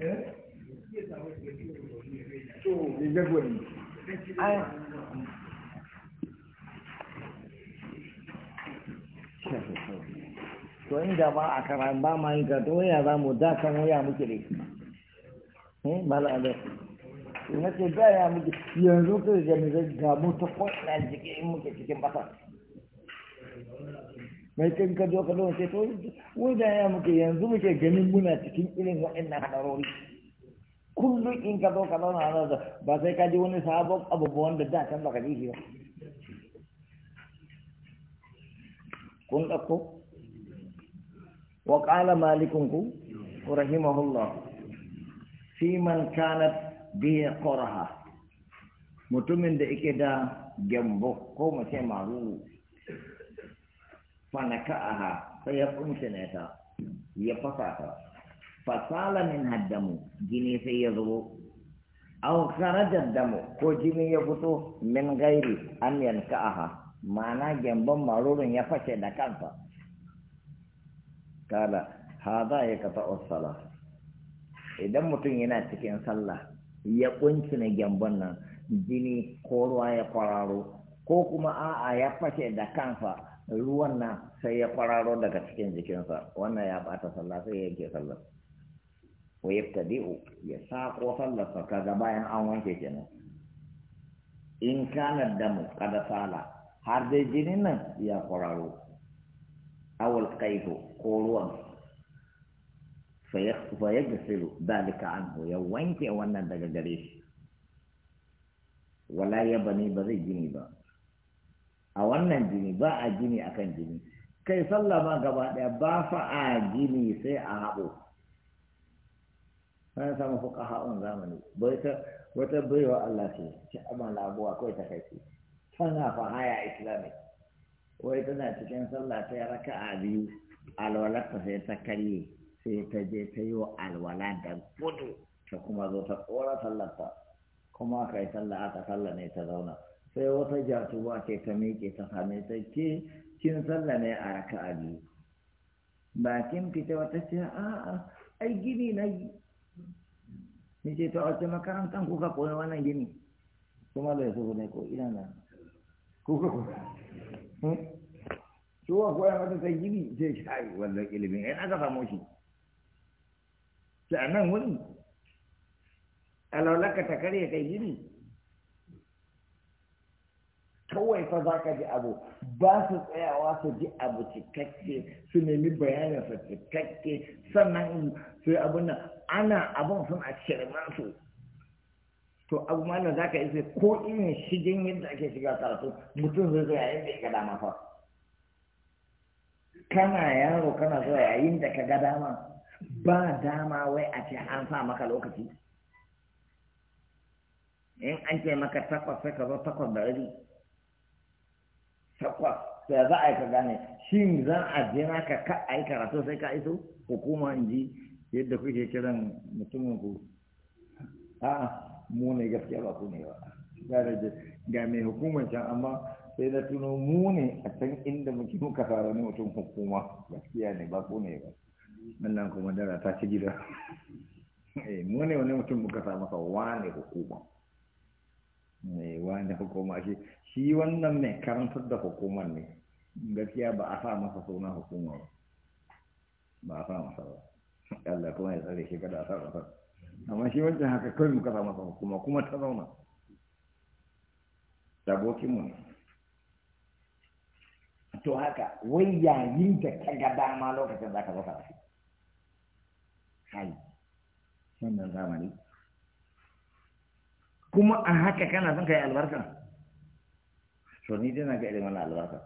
to ne jagwari to inda ba a kara ba ma yi karton waya za mu da kan waya muke da shi eh mala'adar na ce da ya muke yanzu kai ga mu ta kwanan jikin muke cikin basar mai kin ka zo ka zo ce to wai da ya muke yanzu muke ganin muna cikin irin waɗannan hadarori kullum in ka zo ka zauna a nan ba sai ka ji wani sabon abubuwan da da can baka ji ba kun ɗauko wa ƙala rahima rahimahullah fi man kanat bi qaraha mutumin da yake da gembo ko mace maruru aha sai ya ne ta ya fasa ta fasala min haddamu jini sai ya zubo au kharaja damu ko jini ya fito min gairi an aha ma'ana gyambon marurin ya fashe da kansa kala hada ya kafa sala idan mutum yana cikin sallah ya na gyambon nan jini ko ruwa ya kwararo ko kuma a'a ya fashe da kansa ruwan nan sai ya kwararo daga cikin jikinsa wannan ya bata sallah sai ya yanke sallar wa yabtadi'u ya saqo sa, kaga bayan an wanke kenan in kana damu kada sala har dai jinin nan ya kwararo awal qaidu ko ruwan fa yagsilu dalika anhu ya wanke wannan daga gare shi wala ya ba zai gini ba a wannan jini ba a jini akan jini kai sallah ma gaba ɗaya ba fa a jini sai a haɓo sai samu fuka haɓon zamani wata baiwa Allah ce ci aman labuwa kawai ta kai tana fa haya islami wai tana cikin sallah ta raka a biyu alwalarta sai ta karye sai ta je ta yi wa alwala da gudu ta kuma zo ta tsora sallarta kuma kai sallah aka sallah ne ta zauna sai wata jatuwa ke ta miƙe ta same ta ke kin sallame a raka'a biyu bakin fita wata ce a ai gini na yi ni ce ta wace makarantar kuka koyi wannan gini kuma bai so ne ko ina na kuka koyi hmm? suwa koya mata ta gini ce shayi wannan ilimin yana ka samu shi ta nan wani alaulaka ta karya kai gini kawai fa za ka ji abu ba su tsayawa su ji abu cikakke su nemi bayanin su cikakke sannan su yi abun nan ana abun sun a shirman su to abu malam za ka yi ko irin shigen yadda ake shiga karatu mutum zai zo yayin da ya ga dama kana yaro kana zuwa yayin da ka ga dama ba dama wai a ce an sa maka lokaci in an ce maka takwas sai ka zo takwas da rabi takwas sai za a yi ka gane shi za a jira ka ka a yi karatu sai ka iso hukuma in ji yadda kuke kiran mutumin ku a mu ne gaskiya ba ku ne ba ga mai hukumar can amma sai na tuno mu ne a can inda muke muka fara ne mutum hukuma gaskiya ne ba ku ne ba wannan kuma dara ta ci gida eh, mu ne wani mutum muka sa masa wane hukuma mai wani hukuma shi shi wannan mai karantar da hukumar ne gaskiya ba a sa masa suna hukuma ba ba a sa masa ba Allah kuma ya tsare shi kada a sa masa amma shi wancan haka kawai muka sa masa hukuma kuma ta zauna abokinmu ne to haka wai yayin da ka ga dama lokacin za ka zo ka rafi hai wannan zamani kuma a haka kana son ka yi albarka so ni dai na ga irin albarka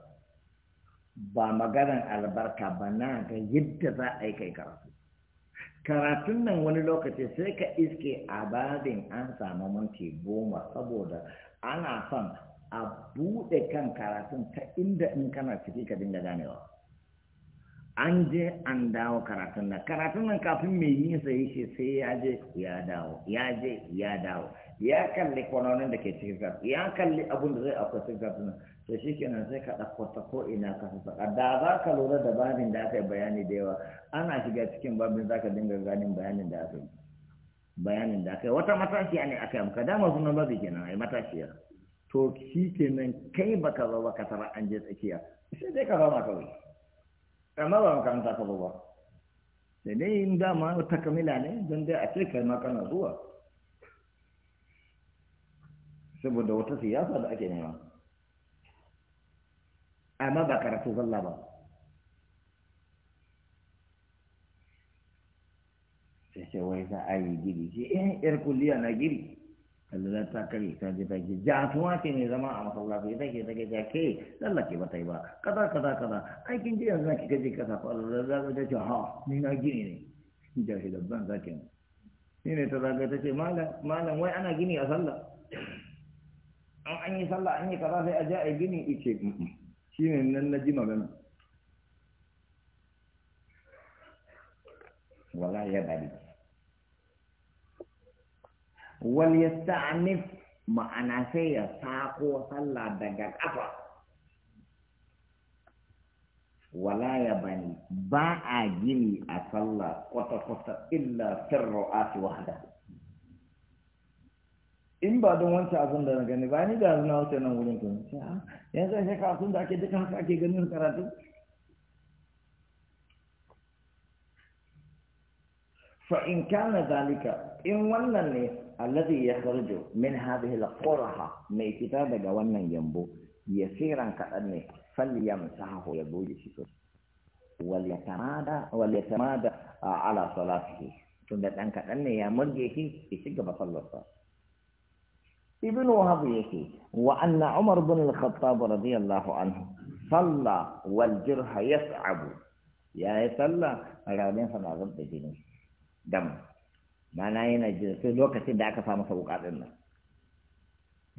ba maganar albarka ba na ga yadda za a yi kai karatu karatun nan wani lokaci sai ka iske a babin an samu minti goma saboda ana son a buɗe kan karatun ta inda in kana ciki ka dinga ganewa an je an dawo karatun nan karatun nan kafin mai yin sa ce, sai ya je ya dawo ya je ya dawo ya kalli kwanonin da ke cikin sa ya kalli abin da zai akwai cikin nan. to shikenan sai ka ɗauko ta ko ina ka saka da za ka lura da babin da aka yi bayani da yawa ana shiga cikin babin za ka dinga ganin bayanin da aka yi bayanin da aka yi wata matashiya ne aka yi maka dama nan babu kenan ai matashiya to shi kenan kai baka zo ka tara an je tsakiya sai dai ka zama kawai amma ba makaranta ka zo ba da dai in dama ta kamila ne don dai a ce kai ma kana zuwa saboda wata siyasa da ake nema amma ba karatu zalla ba sai sai wai za a yi giri ce yan yar kulliya na giri kallila ta kare ta je ta ke jatuwa ke mai zama a masallaci ita ke take ta ke tsallake ba ta yi ba kaza kaza kaza aikin jiya za ki gaje kasa ko Allah za ta ce ha ni na gini ne jahi da ban za ki ni ne ta zaga ta ce malam wai ana gini a sallah an an yi sallah an yi kaza sai a ja a gini ice ne nan na ji magana wala ya bari wal yasta'nif ma'ana sai ya sako sallah daga kafa wala ya bani ba a gini a sallah kwata-kwata illa sirru ati wahda in ba don wancan abin da na gani ba ni da na wuce nan wurin tun ah, yanzu sai ka sun da ake duka haka ake ganin karatu fa in kana zalika in wannan ne الذي يخرج من هذه القرحة ميتة جوانا ينبو يسيرا كأني فليمسحه يبوي شكر وليتمادى وليتمادى آه، على صلاته تندت أنك أني يا مرجيه يسيق بصل الصلاة ابن وهب يكي وأن عمر بن الخطاب رضي الله عنه صلى والجرح يصعب يا يصلى أنا بعدين صلى غد دينه دم mana yana jira sai lokacin da aka sa masa bukatun nan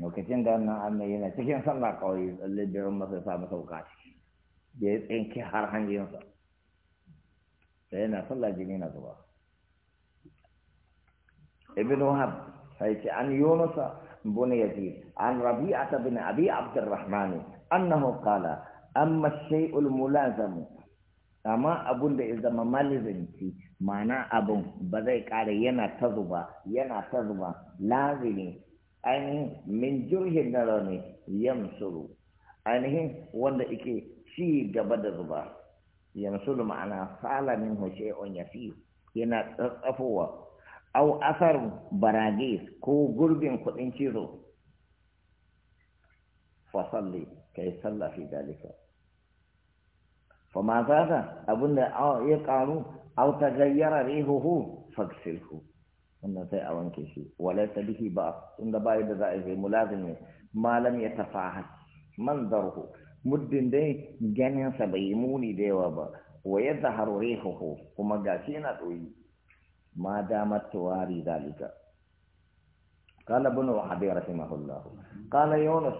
lokacin da wannan annabi yana cikin sallah kawai tsalle da ran masa sa masa bukati da ya tsinke har hanjinsa sai yana sallah jini na zuba ibn wahab sai ce an yunus بن يزيد an ربيعة بن أبي عبد الرحمن أنه قال أما الشيء الملازم amma abun da ya zama malizinci ma'ana abun ba zai kare yana ta zuba yana ta zuba lazini ainihin min jirgin na ne yamsuru ainihin wanda ike ci gaba da zuba yamsuru ma'ana hoshe min ya fi yana tsatsafowa au asar barage ko gurbin kudin cizo fasalli kai sallafi dalika فما زاد أبونا أو يقالوا أو تغير ريحه فاغسله أن تي أوان كيسي وليس به بار إن دباي بذائه ملازمه ما لم يتفاهد منظره مدن دي جنيا سبيموني موني دي وابا ويظهر ريحه وما قاسينا توي ما دامت تواري ذلك قال ابن وحدي رحمه الله قال يونس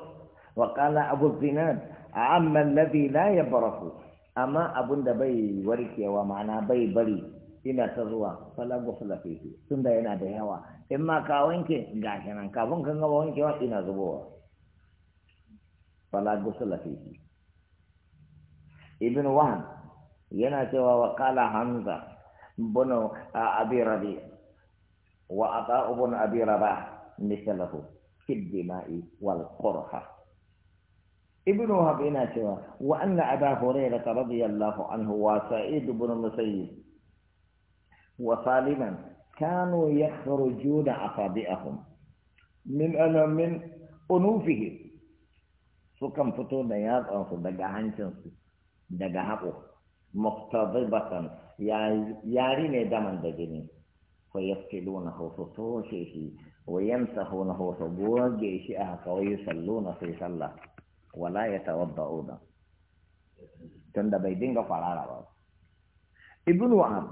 وقال أبو الزناد عم الذي لا يبرخ amma abun da bai warkewa ma'ana bai bari ina ta zuwa falagu falafihi tun da yana da yawa in ma ka wanke ga nan kafin kan gaba wankewa ina zubowa falagu falafihi ibn wahan yana cewa wa kala hamza bunu abi rabi wa ata ibn abi rabah misalahu fi dima'i wal qurha ابن وهب هنا وأن أبا هريرة رضي الله عنه وسعيد بن المسيب وسالما كانوا يخرجون أصابعهم من أنا من أنوفهم سكم فتون ياض او دقا هنشنسو دقا هقو مقتضبة ريني دما دجني فيقتلونه فتوشه ويمسحونه فبوجه شيئها ويصلون في صلاه wala ya tunda bai dinga farara ba ibn wa'ab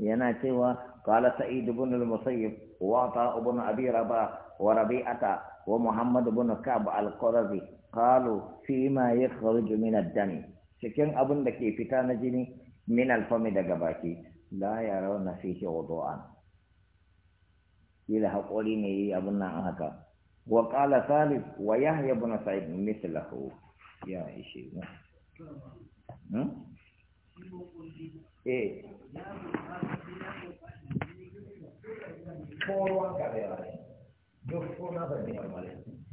yana cewa qala sa'id ibn al-musayyib wa ta ibn abi rabah wa rabi'ata wa muhammad ibn ka'b al-qurazi qalu fi yakhruju min ad cikin abin da ke fita na jini min al-fami daga baki la yarawna fihi wudu'an ila haƙori ne yi abin nan haka wa qala salim wa yahya ibn sa'id mithlahu ya ishi hmm? eh.